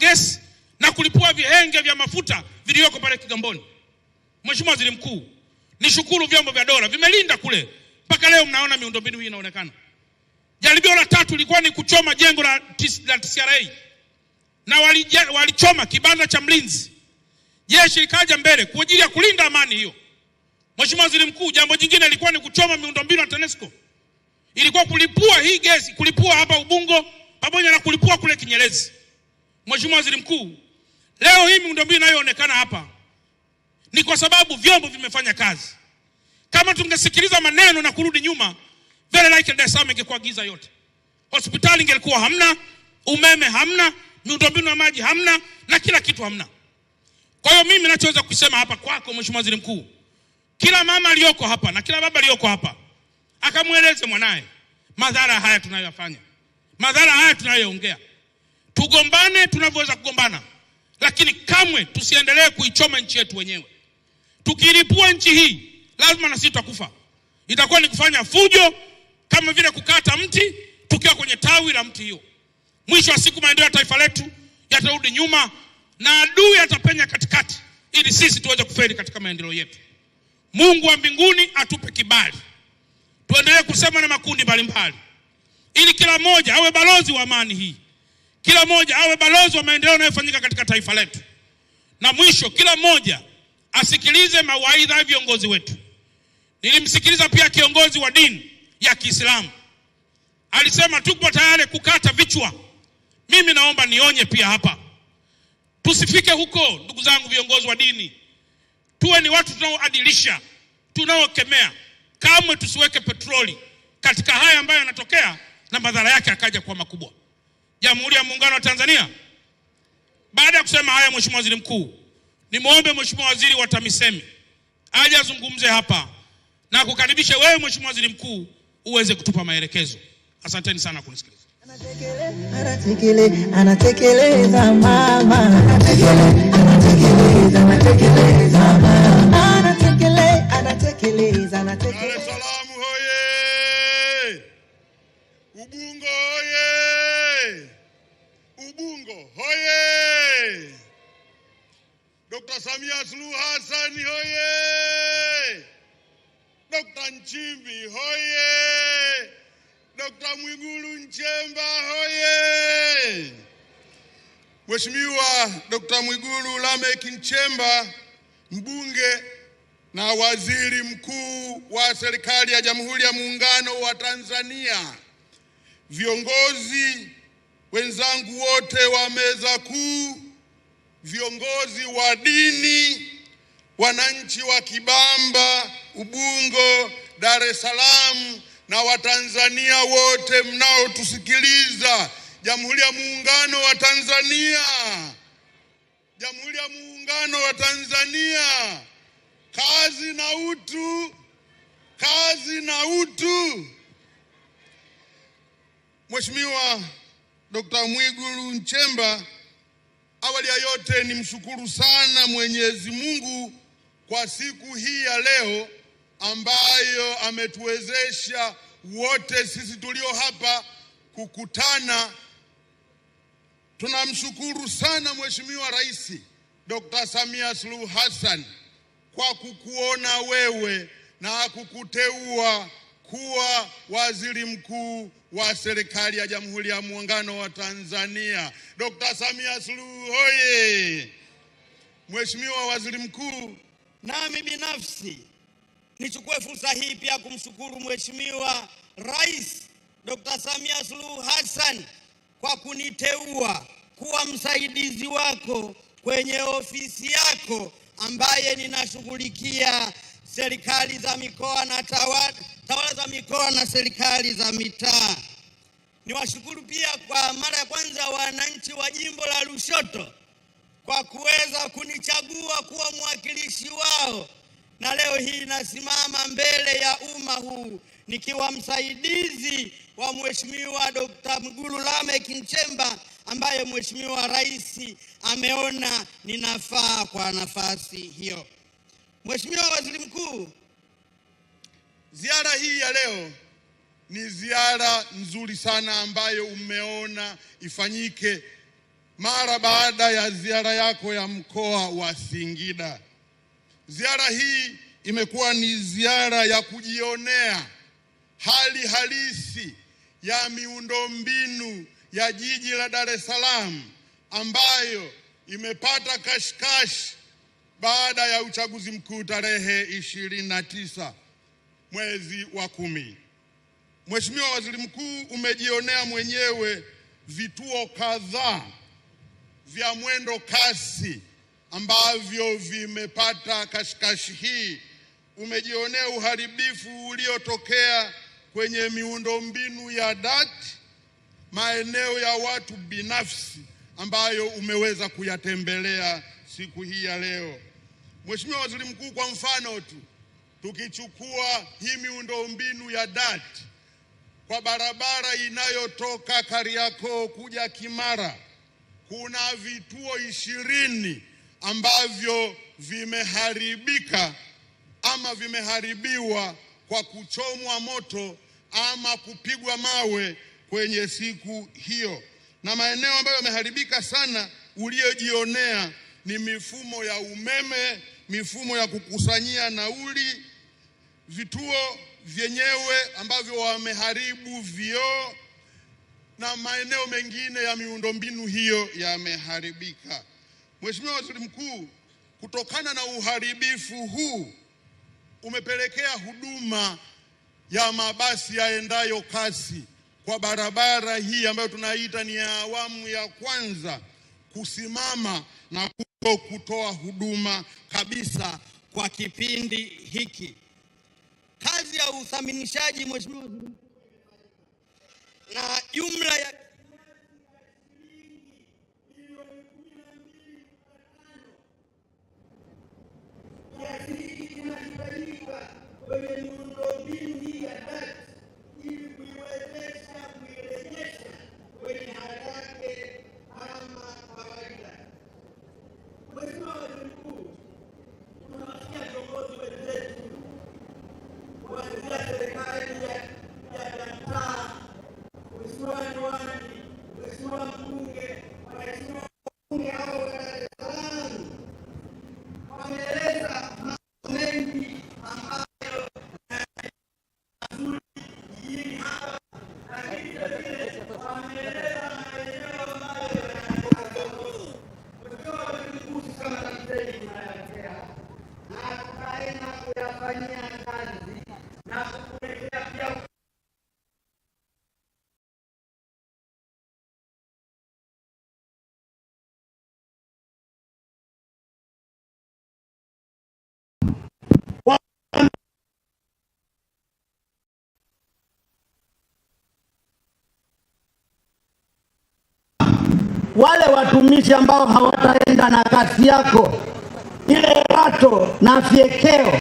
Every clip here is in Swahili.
gesi na kulipua vihenge vya mafuta vilivyoko pale Kigamboni. Mheshimiwa Waziri Mkuu, nishukuru vyombo vya dola vimelinda kule mpaka leo, mnaona miundombinu hii inaonekana. Jaribio la tatu lilikuwa ni kuchoma jengo la, la TCRA na walichoma wali kibanda cha mlinzi, jeshi likaja mbele kwa ajili ya kulinda amani hiyo. Mheshimiwa Waziri Mkuu, jambo jingine lilikuwa ni kuchoma miundombinu ya TANESCO, ilikuwa kulipua hii gesi, kulipua hapa Ubungo pamoja na kulipua kule Kinyerezi. Mheshimiwa Waziri Mkuu, leo hii miundombinu inayoonekana hapa ni kwa sababu vyombo vimefanya kazi. Kama tungesikiliza maneno na kurudi nyuma, very likely Dar es Salaam ingekuwa giza yote. Hospitali ingelikuwa hamna, umeme hamna, miundombinu ya maji hamna, na kila kitu hamna. Kwa hiyo mimi ninachoweza kusema hapa kwako Mheshimiwa Waziri Mkuu, kila mama aliyoko hapa na kila baba aliyoko hapa akamweleze mwanaye madhara haya tunayoyafanya, madhara haya tunayoyaongea. Tugombane tunavyoweza kugombana, lakini kamwe tusiendelee kuichoma nchi yetu wenyewe. Tukilipua nchi hii, lazima na sisi tutakufa. Itakuwa ni kufanya fujo kama vile kukata mti tukiwa kwenye tawi la mti hiyo. Mwisho wa siku, maendeleo ya taifa letu yatarudi nyuma na adui atapenya katikati, ili sisi tuweze kufeli katika maendeleo yetu. Mungu wa mbinguni atupe kibali, tuendelee kusema na makundi mbalimbali, ili kila mmoja awe balozi wa amani hii kila mmoja awe balozi wa maendeleo yanayofanyika katika taifa letu. Na mwisho, kila mmoja asikilize mawaidha ya viongozi wetu. Nilimsikiliza pia kiongozi wa dini ya Kiislamu, alisema tupo tayari kukata vichwa. Mimi naomba nionye pia hapa, tusifike huko, ndugu zangu viongozi wa dini. Tuwe ni watu tunaoadilisha, tunaokemea. Kamwe tusiweke petroli katika haya ambayo yanatokea na madhara yake akaja kuwa makubwa. Jamhuri ya Muungano wa Tanzania. Baada ya kusema haya, Mheshimiwa Waziri Mkuu, nimwombe Mheshimiwa Waziri wa TAMISEMI aje azungumze hapa na kukaribisha wewe Mheshimiwa Waziri Mkuu uweze kutupa maelekezo. Asanteni sana kunisikiliza. Dar es Salaam Ubungo Ubungo hoye! Dr. Samia Suluhu Hassan hoye! Dr. Nchimbi hoye! Dr. Mwigulu Nchemba hoye! Mheshimiwa Dr. Mwigulu Lameck Nchemba mbunge na waziri mkuu wa serikali ya Jamhuri ya Muungano wa Tanzania, viongozi wenzangu wote wa meza kuu, viongozi wa dini, wananchi wa Kibamba, Ubungo, Dar es Salaam na Watanzania wote mnaotusikiliza, Jamhuri ya Muungano wa Tanzania, Jamhuri ya Muungano wa Tanzania, kazi na utu, kazi na utu. Mheshimiwa Dr. Mwigulu Nchemba, awali ya yote ni mshukuru sana Mwenyezi Mungu kwa siku hii ya leo ambayo ametuwezesha wote sisi tulio hapa kukutana. Tunamshukuru sana Mheshimiwa Rais Dr. Samia Suluhu Hassan kwa kukuona wewe na kukuteua kuwa waziri mkuu wa serikali ya Jamhuri ya Muungano wa Tanzania. Dr. Samia Suluhu hoye! Mheshimiwa Waziri Mkuu, nami binafsi nichukue fursa hii pia kumshukuru Mheshimiwa Rais Dr. Samia Suluhu Hassan kwa kuniteua kuwa msaidizi wako kwenye ofisi yako ambaye ninashughulikia serikali za mikoa na tawala, tawala za mikoa na serikali za mitaa. Niwashukuru pia kwa mara ya kwanza wananchi wa jimbo la Lushoto kwa kuweza kunichagua kuwa mwakilishi wao, na leo hii nasimama mbele ya umma huu nikiwa msaidizi wa Mheshimiwa Dkt. Mwigulu Lameck Nchemba ambaye Mheshimiwa Rais ameona ninafaa kwa nafasi hiyo. Mheshimiwa Waziri Mkuu, ziara hii ya leo ni ziara nzuri sana ambayo umeona ifanyike mara baada ya ziara yako ya mkoa wa Singida. Ziara hii imekuwa ni ziara ya kujionea hali halisi ya miundombinu ya jiji la Dar es Salaam ambayo imepata kashikashi baada ya uchaguzi mkuu tarehe ishirini na tisa mwezi wa kumi. Mheshimiwa Waziri Mkuu, umejionea mwenyewe vituo kadhaa vya mwendo kasi ambavyo vimepata kashikashi hii. Umejionea uharibifu uliotokea kwenye miundombinu ya dati maeneo ya watu binafsi ambayo umeweza kuyatembelea siku hii ya leo. Mheshimiwa Waziri Mkuu, kwa mfano tu tukichukua hii miundombinu ya dati kwa barabara inayotoka Kariakoo kuja Kimara, kuna vituo ishirini ambavyo vimeharibika ama vimeharibiwa kwa kuchomwa moto ama kupigwa mawe kwenye siku hiyo, na maeneo ambayo yameharibika sana uliyojionea ni mifumo ya umeme, mifumo ya kukusanyia nauli, vituo vyenyewe ambavyo wameharibu vioo na maeneo mengine ya miundombinu hiyo yameharibika. Mheshimiwa Waziri Mkuu, kutokana na uharibifu huu umepelekea huduma ya mabasi yaendayo kasi kwa barabara hii ambayo tunaita ni ya awamu ya kwanza kusimama na kutoa huduma kabisa kwa kipindi hiki. Kazi ya uthaminishaji, mheshimiwa, na jumla ya kiasi hiki kinakibainika kwenye miundombinu wale watumishi ambao hawataenda na kasi yako, ile rato na fyekeo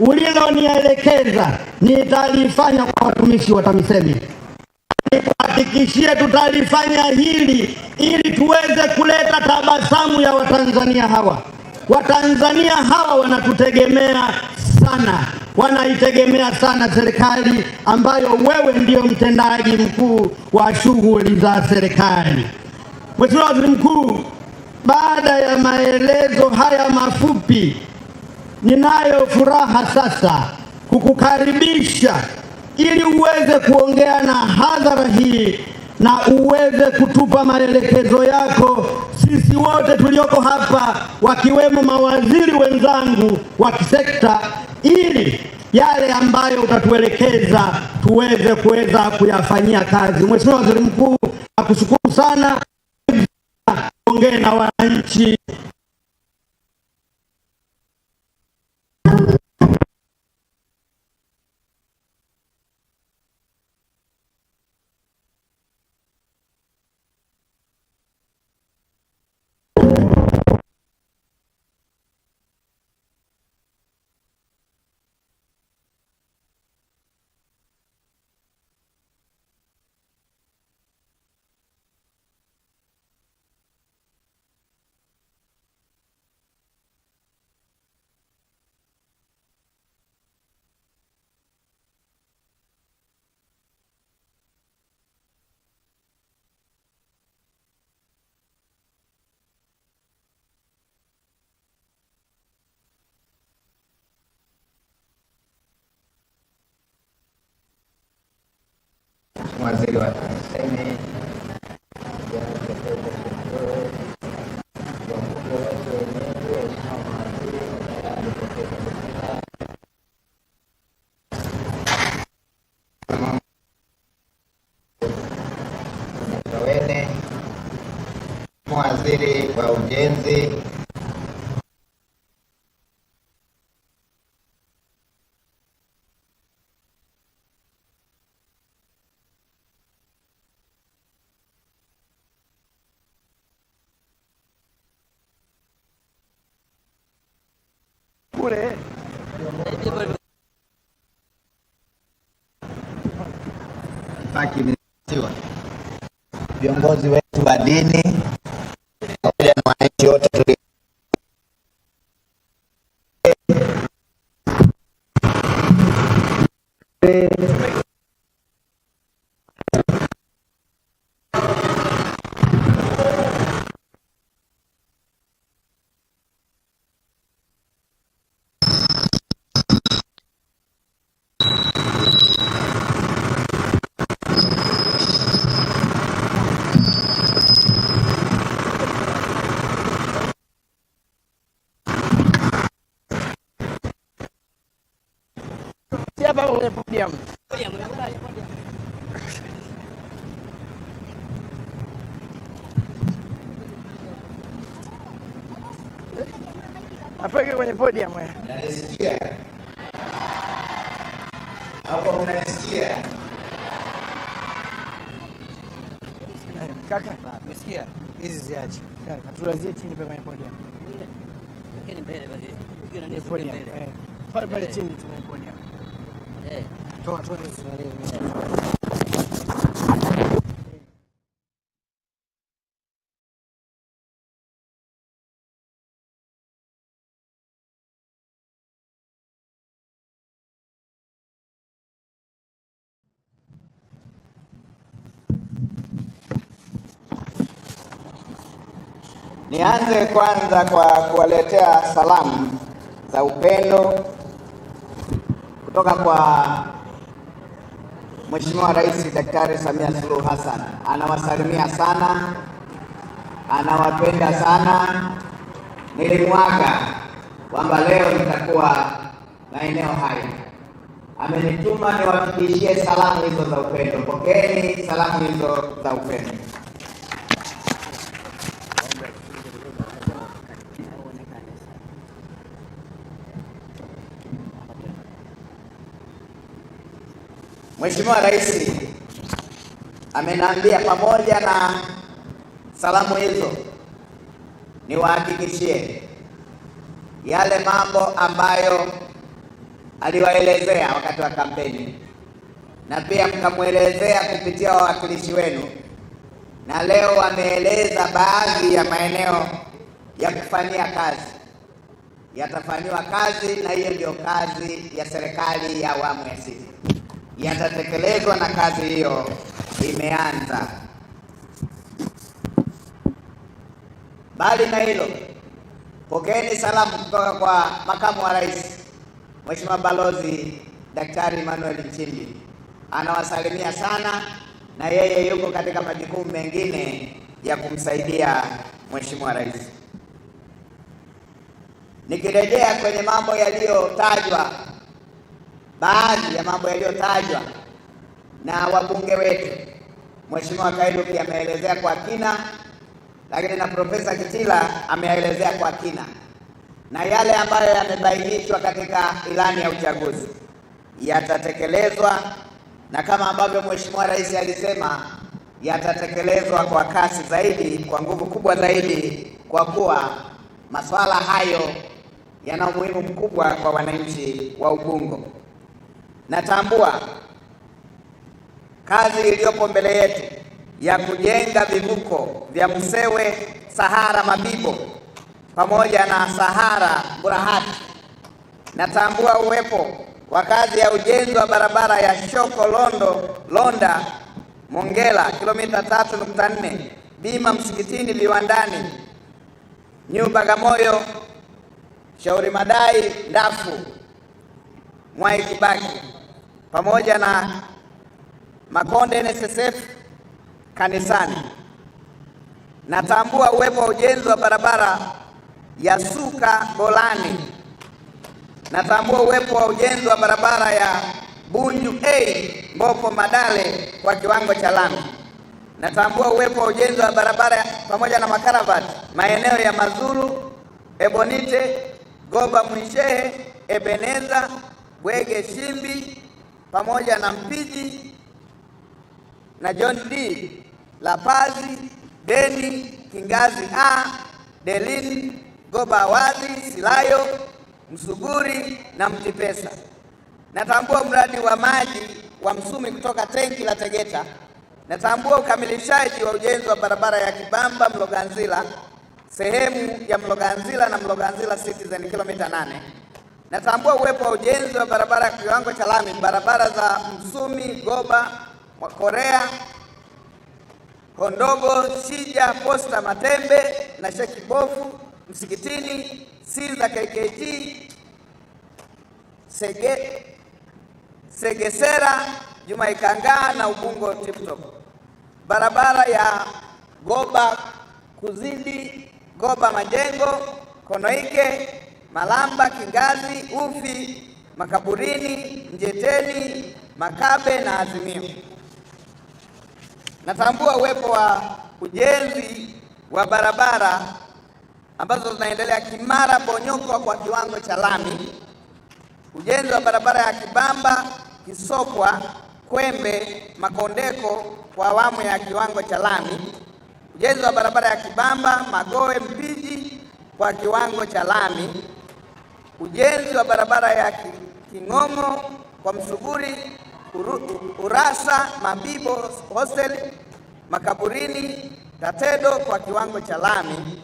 ulilonielekeza nitalifanya kwa watumishi wa TAMISEMI. Nikuhakikishie, tutalifanya hili ili tuweze kuleta tabasamu ya Watanzania hawa. Watanzania hawa wanatutegemea sana, wanaitegemea sana serikali ambayo wewe ndio mtendaji mkuu wa shughuli za serikali. Mheshimiwa Waziri Mkuu, baada ya maelezo haya mafupi, ninayo furaha sasa kukukaribisha ili uweze kuongea na hadhara hii na uweze kutupa maelekezo yako, sisi wote tulioko hapa wakiwemo mawaziri wenzangu wa kisekta, ili yale ambayo utatuelekeza tuweze kuweza kuyafanyia kazi. Mheshimiwa Waziri Mkuu, nakushukuru sana ongee na wananchi waziri wa TAMISEMI waziri wa ujenzi viongozi wetu wa dini pamoja na wananchi wote tuli Tunakuja hapa kwenye podium. Apeke kwenye podium. Eh. Nanisikia. Hapo mnanisikia. Kaka, nasikia. Hizi ziache. Kaka, tulazie chini kwenye podium. Lakini mbele basi. Eh. Pale pale chini tunapodium. Nianze kwanza kwa kuwaletea salamu za upendo kutoka kwa Mheshimiwa Rais Daktari Samia Suluhu Hassan anawasalimia sana, anawapenda sana. Nilimwaga kwamba leo nitakuwa maeneo hayo amenituma niwafikishie salamu hizo za upendo. Pokeeni salamu hizo za upendo. Mheshimiwa Rais amenaambia pamoja na salamu hizo, niwahakikishie yale mambo ambayo aliwaelezea wakati wa kampeni na pia mkamwelezea kupitia wawakilishi wenu, na leo wameeleza baadhi ya maeneo ya kufanyia kazi yatafanyiwa kazi, na hiyo ndio kazi ya serikali ya awamu ya sita yatatekelezwa na kazi hiyo imeanza. Mbali na hilo, pokeeni salamu kutoka kwa makamu wa rais Mheshimiwa Balozi Daktari Emmanuel Nchimbi, anawasalimia sana, na yeye yuko katika majukumu mengine ya kumsaidia Mheshimiwa rais. Nikirejea kwenye mambo yaliyotajwa baadhi ya mambo yaliyotajwa na wabunge wetu. Mheshimiwa Kairuki ameelezea kwa kina, lakini na Profesa Kitila ameelezea kwa kina, na yale ambayo yamebainishwa katika ilani ya uchaguzi yatatekelezwa, na kama ambavyo Mheshimiwa Rais alisema yatatekelezwa kwa kasi zaidi, kwa nguvu kubwa zaidi, kwa kuwa masuala hayo yana umuhimu mkubwa kwa wananchi wa Ubungo. Natambua kazi iliyopo mbele yetu ya kujenga vivuko vya Msewe, Sahara Mabibo pamoja na Sahara Burahati. Natambua uwepo wa kazi ya ujenzi wa barabara ya Shoko Londo Londa Mongela kilomita 3.4, Bima Msikitini Viwandani, New Bagamoyo Shauri Madai Ndafu Mwai Kibaki pamoja na Makonde NSSF kanisani. Natambua uwepo wa ujenzi wa barabara ya Suka bolani Natambua uwepo wa ujenzi wa barabara ya Bunju A Mbopo Madale kwa kiwango cha lami. Natambua uwepo wa ujenzi wa barabara pamoja na makaravati maeneo ya Mazuru, Ebonite, Goba, Mwishehe, Ebeneza Bwege Shimbi pamoja na Mpiji na John D Lapazi, Deni Kingazi A, Delin goba Gobawadhi, Silayo Msuguri na Mtipesa. Natambua mradi wa maji wa Msumi kutoka tenki la Tegeta. Natambua ukamilishaji wa ujenzi wa barabara ya Kibamba Mloganzila, sehemu ya Mloganzila na Mloganzila Citizen kilomita 8. Natambua uwepo wa ujenzi wa barabara ya kiwango cha lami, barabara za Msumi, Goba, Korea, Kondogo, Shija, Posta, Matembe na Sheki Bofu, Msikitini, Siza, KKT, Sege, Segesera, Jumaikangaa na Ubungo Tiptop, barabara ya Goba Kuzidi, Goba Majengo, Konoike Malamba, Kingazi, Ufi, Makaburini, njeteni Makabe na Azimio. Natambua uwepo wa ujenzi wa barabara ambazo zinaendelea Kimara Bonyokwa kwa kiwango cha lami, ujenzi wa barabara ya Kibamba Kisokwa Kwembe Makondeko kwa awamu ya kiwango cha lami, ujenzi wa barabara ya Kibamba Magoe Mpiji kwa kiwango cha lami ujenzi wa barabara ya King'ong'o kwa Msuguri, Urasa, Mabibo hostel, Makaburini, Tatedo kwa kiwango cha lami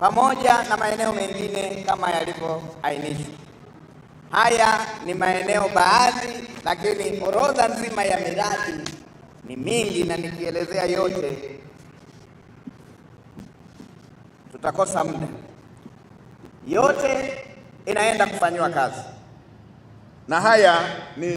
pamoja na maeneo mengine kama yalivyoainishwa. Haya ni maeneo baadhi, lakini orodha nzima ya miradi ni mingi, na nikielezea yote tutakosa muda. Yote inaenda kufanyiwa kazi, na haya ni